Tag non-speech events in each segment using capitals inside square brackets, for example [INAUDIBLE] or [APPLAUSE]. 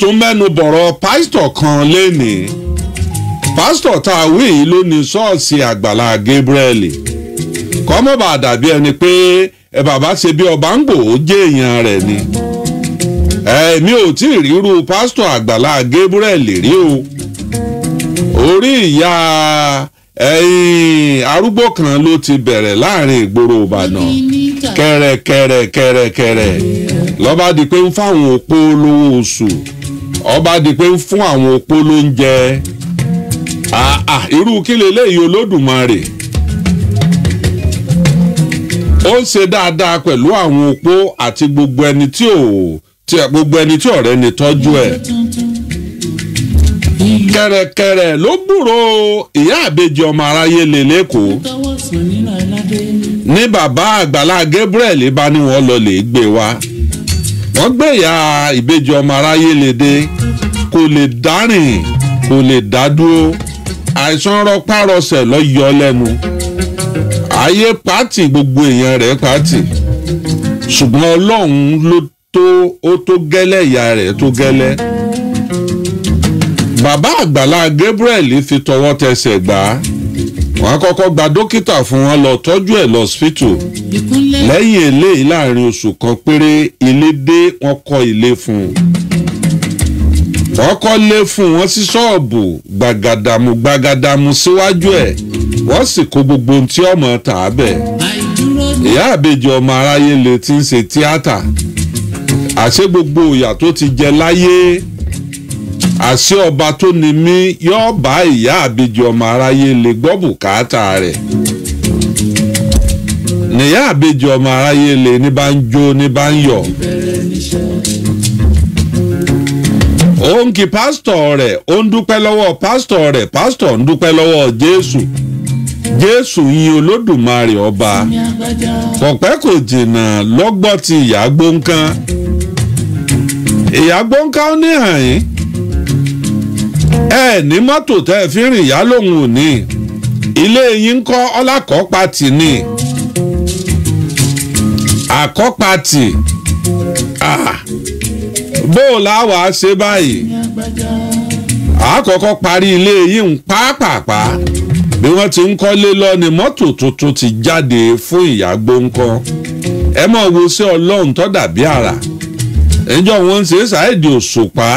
tún mẹ́nu bọ̀rọ̀ pásítọ̀ kan lénìí pásítọ̀ tá a wí yìí ló ní ṣọ́ọ̀ṣì àgbàlá Gabriel kọ́mọ́bà dàbí ẹni pé ẹ bàbá ṣe bí ọba ń gbò ó jẹ́ èèyàn rẹ̀ ni èmi ò tí ì ríru pásítọ̀ àgbàlá Gabriel rí o orí ìyá arúgbó kan ló ti bẹ̀rẹ̀ láàrin ìgboro ìbàdàn kẹrẹkẹrẹ kẹrẹkẹrẹ lọ́ba di pé ń fáwọn opó lówó oṣù ọba di pé ń fún àwọn opó lóúnjẹ irú kí leléyìí olódùmarè ó ń ṣe dáadáa pẹ̀lú àwọn opó àti gbogbo ẹni tí ò gbogbo ẹni tí ọ̀rẹ́ ni tọ́jú ẹ̀ kẹ̀rẹ̀kẹ̀rẹ̀ ló gbúrò ìyá àbejì ọmọ aráyé lè lẹ́kọ̀ọ́ ní bàbá àgbàlá Gabriel bá ní wọ́n lọ lè gbé wa wọ́n gbé ìyá ìbejì ọmọ aráyé lè dé kò lè dárìn kò lè dádúró àìsàn rọpárọsẹ̀ ló yọ lẹ́nu ayé pàtì gbogbo èèyàn rẹ̀ pàtì ṣùgbọ́n Ọlọ́run ló tó ó tó gẹ́lẹ́ ìyá rẹ̀ tó gẹ́lẹ́ bàbá àgbàlá Gabriel fi tọwọ́ tẹsẹ̀ gbà á wọ́n á kọ́kọ́ gba dókítà fún wọn lọ tọ́jú ẹ̀ lọ́sípítù lẹ́yìn eléyìí láàrin oṣù kan péré ilé dé wọ́n kọ́ ilé fún un wọ́n kọ́ lé fún wọn sí ṣọ́ọ̀bù gbàgàdàmú gbàgàdàmú síwájú ẹ̀ wọ́n sì kó gbogbo ohun tí ọmọ tà á bẹ̀ ìyá àbejì ọmọ aráyé lè ti ń ṣe tíátà àṣé gbogbo ìyà tó ti jẹ láyé àṣẹ ọba tó ni mí yóò bá ìyá àbejì ọmọ aráyé lè gbọ́ bùkátà rẹ̀ nìyá àbejì ọmọ aráyé lè ní bá ń jó ní bá ń yọ̀ òun kì pásítọ̀ rẹ̀ ó ń dúpẹ́ lọ́wọ́ pásítọ̀ rẹ̀ pásítọ̀ ń Jésù Jésù yin Olódùmarè ọba kò jìnnà ti ìyá gbóǹkan ìyá gbóǹkan ẹ ní mọ́tò tẹ́ ẹ fi rìn ìyá lòun ò ní ilé yín kọ́ ọlákọ́pa tì ní àkọ́pa tì ah, bó o la wàá ṣe báyìí àkọ́kọ́ parí ilé yín pàápàá bí wọ́n ti ń kọ́lé lọ ni mọ́tò tuntun ti jáde fún ìyá gbóńkọ́ ẹ mọ̀ wo sí ọlọ́run tó dàbí àrà ẹjọ́ wọn ń ṣe ṣáà èdè òṣùpá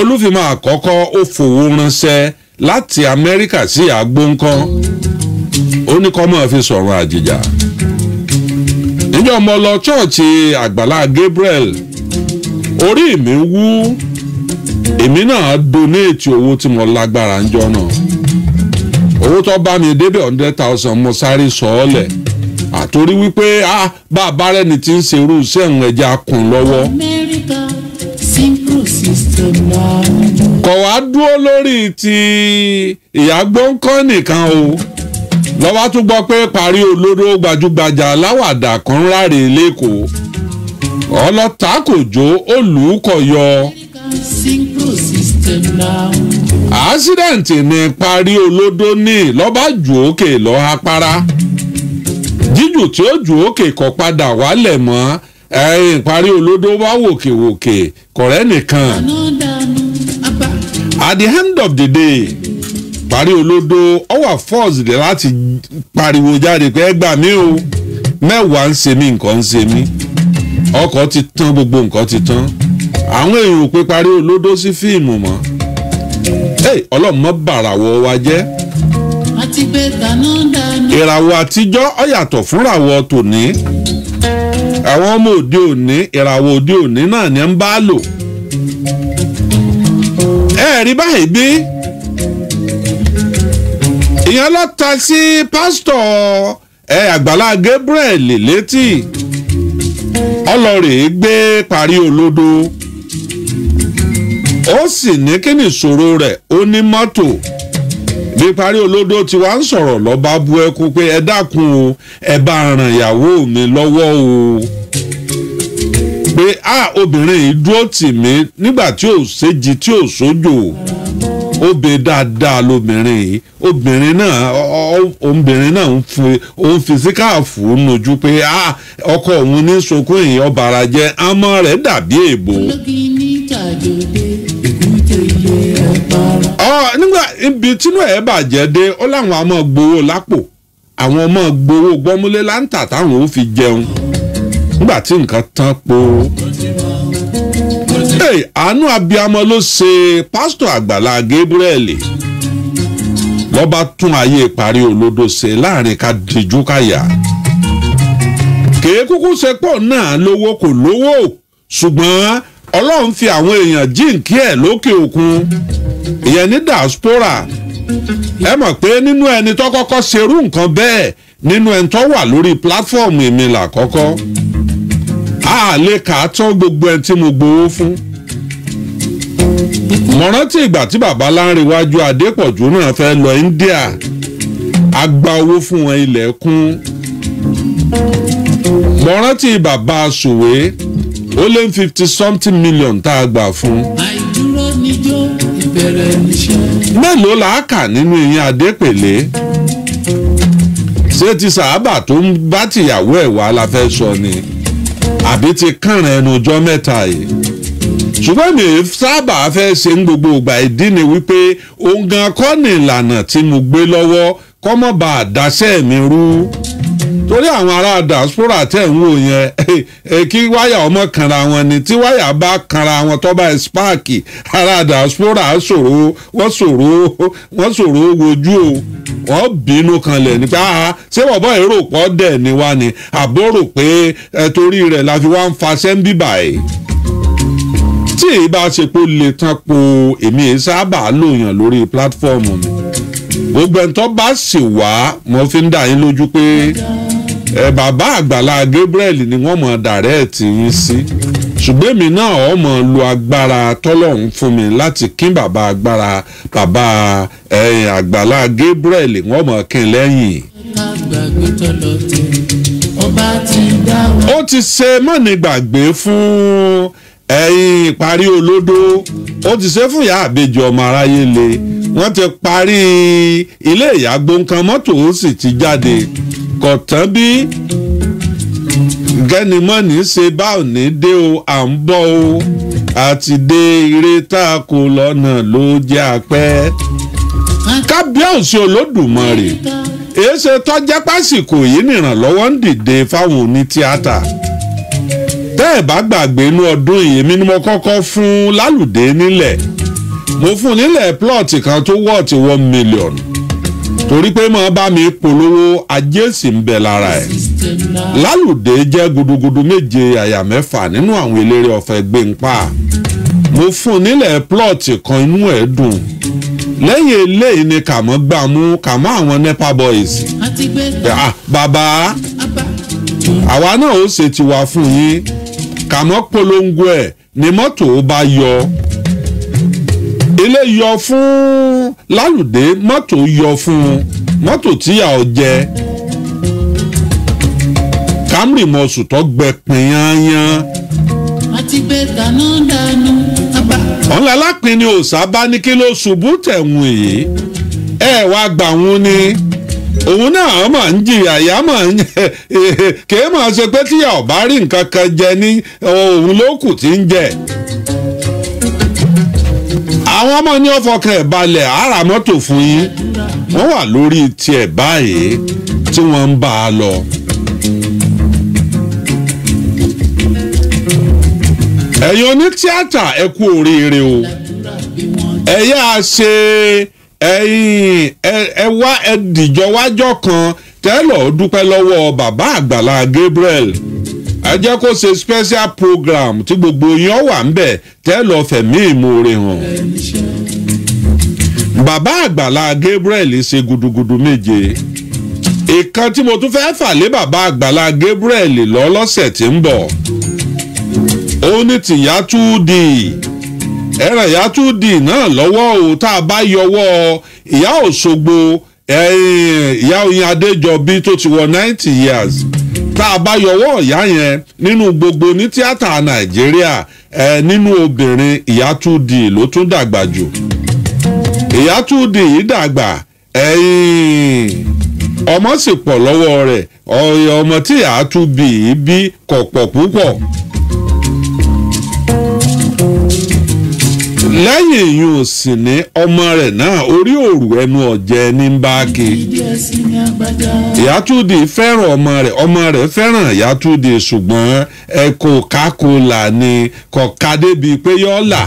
olúfìmọ àkọ́kọ́ ó fòwò ránṣẹ́ láti amẹ́ríkà sí àgbóǹkan ó ní kọ́mọ́ fi sọ̀rọ̀ àjèjà níjọ́ mo lọ ṣọ́ọ̀ṣì àgbàlá Gabriel orí mi wú èmi náà donate owó tí mo lágbára ń jọ náà owó tó bá mi débẹ̀ hundred thousand mo sáré sọ ọ́ lẹ̀ àtorí wípé ah bá a bá rẹ̀ ní ti ń ṣerú iṣẹ́ ẹja kùn lọ́wọ́. America kọ̀ wá dúró lórí ti ìyá gbọ́ǹkan nìkan o lọ́wọ́ tún gbọ́ pé parí olódó gbajúgbajà aláwàdà kan ráre lẹ́kọ̀ọ́ ọlọ́ta kò jó olùkọ́yọ. àásídẹ̀ǹtì ni parí olódó ní lọ́ba jù òkè lọ́ apara jíjù tí ó jù òkè kọ̀ padà wálẹ̀ mọ́ ìparí olódó wá wòkèwòkè kọ̀rẹ́ nìkan at the end of the day parí olódó ọ wà forced láti pariwo jáde pé ẹ gbà o mẹ́wàá ń ṣe mí nǹkan ń ṣe mí ọkọ̀ ti tán gbogbo nǹkan ti tán àwọn èèyàn ò pé parí olódó sí fíìmù mọ́ ọlọ́mọ bàràwọ̀ wa jẹ́ ìràwọ̀ àtijọ́ ọ yàtọ̀ fúnràwọ̀ tòní. àwọn ọmọ òde òní ìràwọ̀ òde òní náà ni ń bá lò ẹ rí báyìí bí ìyẹn lọ ta sí pásítọ̀ ẹ àgbàlá Gabriel létí ọlọ́rẹ̀ gbé parí olódo ó sì ní kí ni ìṣòro rẹ̀ ó ní mọ́tò. Bíparí Olódó tí wàá ń sọ̀rọ̀ lọ́ba bu ẹkún pé ẹ dákun o ẹ bá ràn ìyàwó mi lọ́wọ́ o pé a obìnrin yìí dúró tì mí nígbà tí ò séjì tí ò sójò ó be dáadáa lóbìnrin yìí obìnrin náà obìnrin náà ń fi òun fi síkáàfù nojú pé a ọkọ òun ní sunkún yìí ọba ara jẹ amọ rẹ dàbí èèbò. ológin ní jàjòdè nígbà ibi tínú ẹ̀ bàjẹ́ dé ó láwọn ọmọ gbowó lápò àwọn ọmọ gbowó gbọ́múlé láǹtà táwọn ò fi jẹun nígbà tí nǹkan tán po. àánú abiyamọ ló ṣe pásítọ̀ àgbàlá Gabriel lọ́ba tún ayé parí olódò ṣe láàrin ká díjú káyà kéékùkù ṣe pọ̀ náà lówó kò lówó ṣùgbọ́n ọlọ́run fi àwọn èèyàn jíǹkí ẹ̀ lókè òkun ìyẹn ní diaspora ẹ mọ̀ pé nínú ẹni tó kọ́kọ́ ṣerú nǹkan bẹ́ẹ̀ nínú ẹni tó wà lórí platform mi làkọ́kọ́ a lè kà á tán gbogbo ẹni tí mo gbowó fún. mo rántí ìgbà tí bàbá Láńrewájú Adépọ̀jù náà fẹ́ lọ India a gba owó fún wọn ilẹ̀ kún. mo rántí bàbá Sòwé ó lé fifty something million tá a gbà fún. àìdúró níjó mélòó là kà nínú ìyẹn adépèlé ṣé ti sàábà tó ń bá tìyàwó ẹ̀ wá la fẹ́ sọ ni àbí ti kànràn ẹnu ọjọ́ mẹ́ta yìí ṣùgbọ́n mi sábà fẹ́ ṣe ń gbogbo ìgbà ìdí ni wípé òun gan kọ́ ni ìlànà tí mo gbé lọ́wọ́ kọ́mọ́ bá a dáṣẹ́ mi rú torí àwọn ará diaspora tẹ̀ ń wò yẹn [LAUGHS] kí wáyà ọmọ kanra wọn ni tí wáyà bá kanra wọn tó bá spáàkì ará diaspora ṣòro wọ́n ṣòro wọ́n ṣòro wojú o wọ́n bínú kanlẹ̀ ní ah ṣé bọ̀bọ̀ èrò pọ̀ dẹ̀ ni wá ni àbó rò pé ẹ torí rẹ̀ la fi wá ń fa sẹ́ńbì báyìí tí èyí bá ṣe pé ó lè tán po èmi èyí sábà lòyàn lórí pílátífọ́ọ̀mù mi gbogbo ẹ̀ tó bá sì wá mo fi ń dà yín lójú pé. Yeah ẹ bàbá àgbàlá Gabriel ni wọ́n mọ̀ dàrẹ́ẹ̀tì yín sí ṣùgbọ́n èmi náà ọmọ lu agbára tọ́lọ́hún fún mi láti kín bàbá agbára bàbá àgbàlá Gabriel wọ́n mọ̀ kín lẹ́yìn. ó ti ṣe mọ́nìgbàgbé fún ẹ̀yìn ìparí olódó ó ti ṣe fún ìyá àbejì ọmọ aráyé le wọ́n ti parí ilé ìyá gbọ̀ǹkan mọ́tò ó sì ti jáde kò tán bí gẹ́nimọ́ni ṣe bá ò ní dé o à ń bọ̀ o àti dé eré tá a kò lọ́nà ló jẹ́ àpẹ́. kábíyèsí olódùmarè èéṣe tọ́jẹ́ pásìkò yìí nìrànlọ́wọ́ ń dìde fáwọn onítíátà tẹ́ ẹ̀ bá gbàgbé inú ọdún yìí èmi ni mo kọ́kọ́ fún Lálùdé nílẹ̀ mo fún nílẹ̀ plọ̀tì kan tó wọ́ọ̀tì one million torí pé mọ̀ bá mi polówó ajé sì ń bẹ lára ẹ̀ lálùdé jẹ́ gudugudu méje àyà mẹ́fà nínú àwọn eléré ọ̀fẹ́ gbẹ̀ǹpa mo fún nílẹ̀ plọ́ọ̀tì kan inú ẹ̀ dùn lẹ́yìn eléyìí ni kàmọ́ gbà mú kàmọ́ àwọn nepa boys ah, bàbá àwa náà ó ṣe tiwa fún yín kàmọ́ polongo ẹ̀ ni mọ́tò ó bá yọ ilé yọ fún lálùdé mọ́tò yọ fún un mọ́tò tíyà ọ jẹ Camry mọ̀ọ́sù tó gbẹ pinyanyan. àti pé dáná dánú abá. ọ̀nà alápinni òòsà bá ní kí ló ṣubú tẹ̀wọ̀n yìí ẹ wá gbà wọn ni òun náà máa ń jìyà ìyá máa ń [LAUGHS] kèé máa ṣe pé tíyà ọ̀bá rí nǹkan kan jẹ ní òun ló kù tí ń jẹ. àwọn ọmọ ní ọfọkàn ẹ̀ balẹ̀ ara mọ́tò fún yín wọ́n wà lórí tiẹ̀ báyìí tí wọ́n ń bá a lọ. ẹ̀yin onítíátà ẹ kú oríire o ẹ yá a ṣe ẹ̀yin ẹ wá ẹ dìjọ wájọ kan tẹ́lọ̀ dúpẹ́ lọ́wọ́ bàbá àgbàlá Gabriel á jẹ́ kó ṣe special program tí gbogbo yín wà ń bẹ̀ tẹ́ lọ fẹ̀mí ìmoore hàn. bàbá àgbàlá Gabriel ṣe gudugudu méje ìkan tí mo tún fẹ́ fà lé bàbá àgbàlá Gabriel lọ lọ́sẹ̀ tí ń bọ̀ ó ní tìyá tú di ẹ̀ràn ìyá tú di náà lọ́wọ́ o tá a bá yọwọ́ ìyá Òṣogbo ìyá Oyin Adéjọbí tó ti wọ ninety years. tá a bá yọwọ́ ìyá yẹn nínú gbogbo ní tíátà nàìjíríà ẹ nínú obìnrin ìyátúndì ló tún dàgbà jù ìyátúndì yìí dàgbà ẹ̀yìn ọmọ sì pọ̀ lọ́wọ́ rẹ̀ ọmọ tí ìyátúndì yìí bí kò púpọ̀ lẹ́yìn ìyún sì ní ọmọ rẹ̀ náà orí òrù ẹnu ọ̀jẹ̀ ní báàkì ìyátúndì fẹ́ràn ọmọ rẹ̀ ọmọ rẹ̀ fẹ́ràn ìyátúndì ṣùgbọ́n ẹ kò kákòlà ni ní pé yọ́ là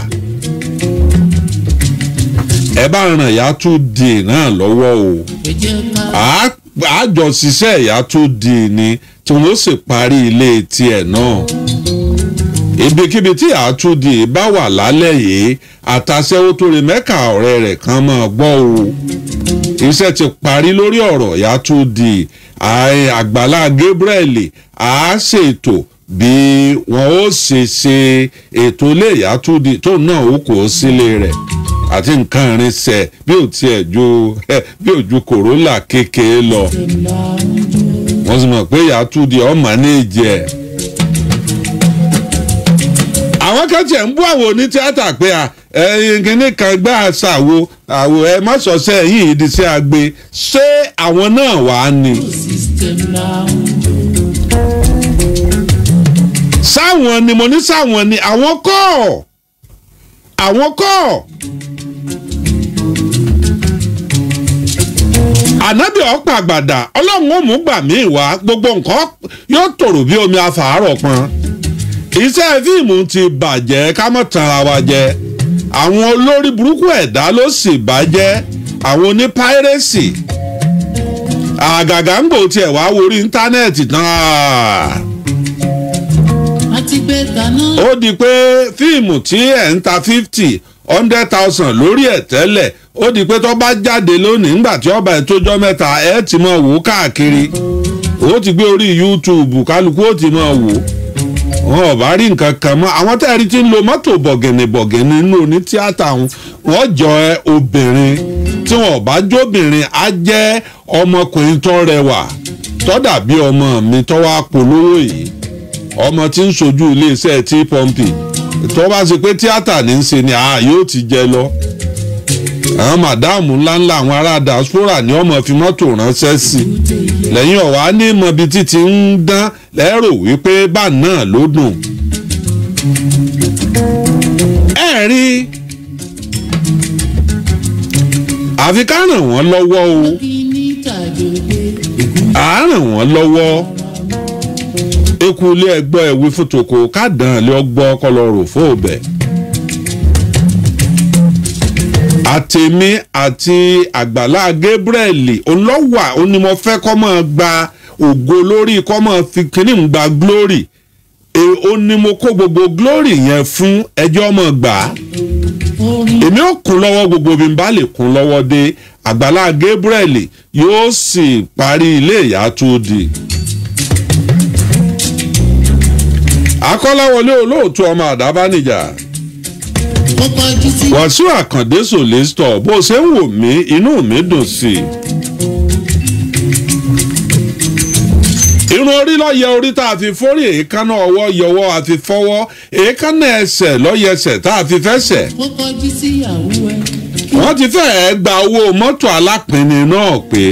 ẹ bá ràn ìyátúndì náà lọ́wọ́ o àjọṣiṣẹ́ ìyátúndì ni tí wọ́n sì parí ilé ibikíbi tí àtúndì bá wà lálẹ́ yìí àtàṣẹ́wó tó rè mẹ́ka ọ̀rẹ́ rẹ̀ kan máa gbọ́ o iṣẹ́ ti parí lórí ọ̀rọ̀ yàtúndì àgbàlá Gabriel a ṣètò bí wọn ó ṣe ṣe ètò ilé yàtúndì tó náà ó kó sílé rẹ̀ àti nǹkan ìrìnsẹ̀ bí ò tiẹ̀ ju eh, bí ò ju Corolla kékeré lọ wọ́n sì mọ̀ pé yàtúndì ọ̀ mánéèjì ẹ̀. àwọn kan tiẹ̀ ń bú àwọn oní tíátà pé à kíní kan gbá àṣàwò àwò ẹ má sọ̀sẹ̀ yìí di sí agbe ṣé àwọn náà wà á ni. sáwọn ni mo ní sáwọn ni àwọn kọ́ àwọn kọ́. ànábì ọ̀pọ̀ àgbàdà ọlọ́run ó mú gbà mí wá gbogbo nǹkan yóò tòrò bí omi àfàárọ̀ pọn. iṣẹ́ fíìmù ti bàjẹ́ ká má tanra wa jẹ àwọn olórí burúkú ẹ̀dá ló sì bàjẹ́ àwọn onípáírẹ́sì àgàgà ń gbò tiẹ̀ wá worí íńtánẹ́ẹ̀tì tán. ó di pé fíìmù tí ẹ̀ ń ta fifty hundred thousand lórí ẹ̀ tẹ́lẹ̀ ó di pé tó bá jáde lónìí nígbà tí ọba ẹ̀ tójọ́ mẹ́ta ẹ̀ ti mọ̀ wò káàkiri ó ti gbé orí YouTube kálukú ó ti mọ̀ wò wọn ò bá rí nǹkan kan mọ́ àwọn tá a rí ti ń lo mọ́tò bọ̀gẹ̀nìbọ̀gẹ̀nì inú oní tíátà wọn jọ ẹ obìnrin tí wọn ò bá jóbìnrin á jẹ́ ọmọkùnrin tó rẹwà tó dàbí ọmọ mi tó wá polówó yìí ọmọ tí ń sojú iléeṣẹ́ tí pọ́ǹpì tó bá ṣe pé tíátà ní í ṣe ni àá yóò ti jẹ lọ àwọn màdáàmù ńláńlá àwọn ará diaspora ni ọmọ fi mọ́tò ránṣẹ́ sí lẹ́yìn ọ̀wá ní mọ̀bi títí ń dán lẹ́rò wípé bá náà ló dùn. ẹ rí àfi ká ràn wọ́n lọ́wọ́ o à á ràn wọ́n lọ́wọ́ eku ilé ẹgbọ́ ẹ̀wí ká dàn án lé ọgbọ́ kọlọ́rọ̀ fún òbẹ̀. àtèmi àti àgbàlá Gabriel olówà ó ní mo fẹ́ kọ́ mọ́ gba ògo lórí kọ́ mọ́ fi kínní ń gba glory e, ó ní mo kó gbogbo glory yẹn fún ẹjọ́ mọ́ gbà á èmi ò kún lọ́wọ́ gbogbo bí n bá lè kún lọ́wọ́ dé àgbàlá Gabriel yóò sì parí ilé ìyá tó di. akọ́láwọlé olóòtú ọmọ àdábánijà wàsíù àkàndé sòlẹ́sítọ̀ bó ṣe ń wò mí inú mi dùn sí i. irun orí lọ́yẹ orí tá a fi forí èékánná ọwọ́ yọwọ́ a fi fọwọ́ èékánná ẹsẹ̀ lọ́yẹsẹ̀ tá a fi fẹsẹ̀. wọ́n ti fẹ́ẹ́ gba owó mọ́tò alápinni náà pé.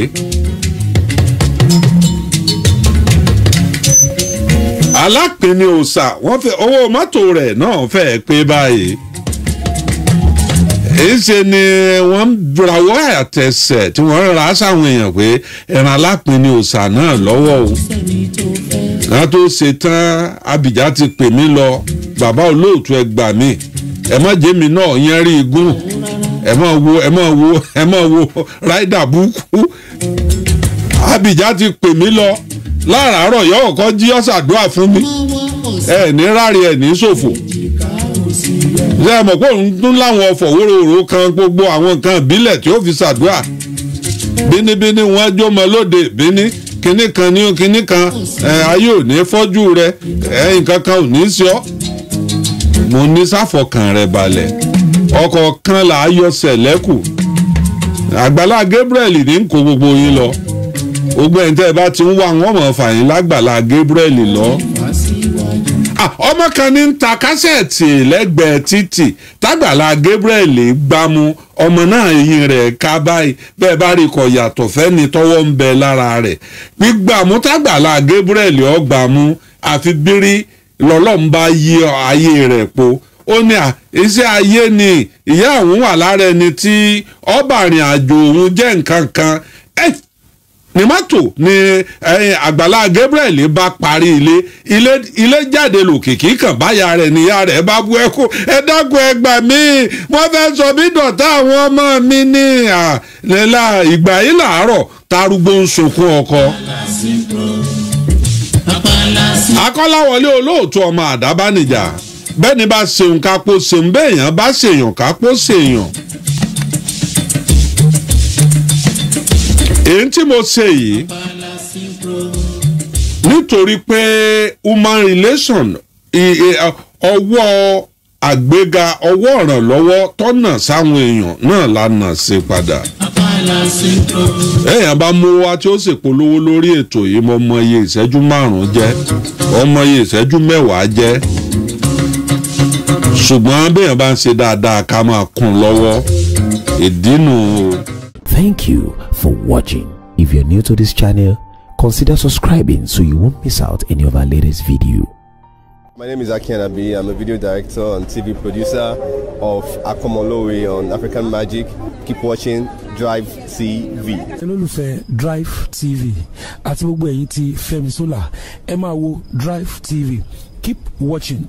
alápinni òòsà wọ́n fẹ́ owó mọ́tò rẹ̀ náà fẹ́ẹ́ pé báyìí ṣe ni wọ́n ń rawọ́ àtẹ̀sẹ̀ tí wọ́n ń ra sáwọn èèyàn pé ẹran alápín ni òòṣà náà lọ́wọ́ o náà tó ṣe tán Abíjà ti pè mí lọ bàbá olóòtú ẹ gbà mí ẹ má jẹ́ náà yẹn rí igún ẹ má wo ẹ má wo ẹ má wo ráìdà búkú Abíjà ti pè mí lọ láràárọ̀ yọ̀ọ̀kọ́ jí ọ̀sàdúrà fún mi ẹ̀ ní rárí ẹ̀ ní ṣòfò ṣé ẹ mọ̀ pé òun tún láwọn ọ̀fọ̀ wóró kan gbogbo àwọn nǹkan ìbílẹ̀ tí ó fi ṣàdúrà bínibíní wọn jọmọ lóde bíní kinní kan ní kinní kan ayé ò ní fọ́jú rẹ nǹkan kan ò ní sí ọ mo ní sáfọkàn rẹ balẹ̀ ọkọ̀ kan là á yọ sẹ̀lẹ́kù àgbàlá Gabriel ní kó gbogbo yín lọ gbogbo ẹ̀ ń tẹ́ bá ti ń wá wọn mọ̀ fàyín lágbàlá Gabriel lọ ọmọ kan ní ń ta kásẹ̀tì lẹ́gbẹ̀ẹ́ títì tágbàlá Gabriel gbámú ọmọ náà eyín rẹ̀ ká báyìí bẹ́ẹ̀ bá rí kọ yàtọ̀ fẹ́ni tọ́wọ́ ń bẹ lára rẹ̀ gbígbàmú tágbàlá Gabriel ọgbàmú àfi bírí lọ́lọ́mbà yí ayé rẹ̀ po ó ní à iṣẹ́ ayé ni ìyá òun wà lára ẹni tí ọbàrin àjò òun jẹ́ nǹkan kan ní mọ́tò ni eh, àgbàlá Gabriel bá parí ilé ilé ilé jáde lòkìkí kan báyà rẹ̀ níyà rẹ̀ bá bu ẹkú ẹ dákun ẹ gbà mí wọ́n fẹ́ sọ mí dọ̀tá àwọn ọmọ mi ní àlẹ́lá ìgbà yìí làárọ̀ tarugbo ń sunkún ọkọ. akọ́láwọlé olóòtú ọmọ àdábánijà bẹ́ẹ̀ ni bá ṣeun kápó ṣeun bẹ́ẹ̀ yẹn bá ṣèyàn kápó ṣèyàn. èyí tí mo ṣe yìí nítorí pé human relation ọwọ́ àgbéga ọwọ́ ìrànlọ́wọ́ tọ́nà sáwọn èèyàn náà lànà ṣe padà. èèyàn bá mú wa tí ó sì polówó lórí ètò yìí mo mọ iye ìṣẹ́jú márùn-ún jẹ́ ọmọ iye ìṣẹ́jú mẹ́wàá jẹ́ ṣùgbọ́n bá ń ṣe dáadáa Thank you for watching. If you're new to this channel, consider subscribing so you won't miss out any of our latest video. My name is Akian Abi. I'm a video director and TV producer of Akomolowe on African Magic. Keep watching Drive TV. olólùfẹ́ Drive TV àti gbogbo ẹ̀yin tí Fẹ́mi Sola wo Drive TV. Keep watching.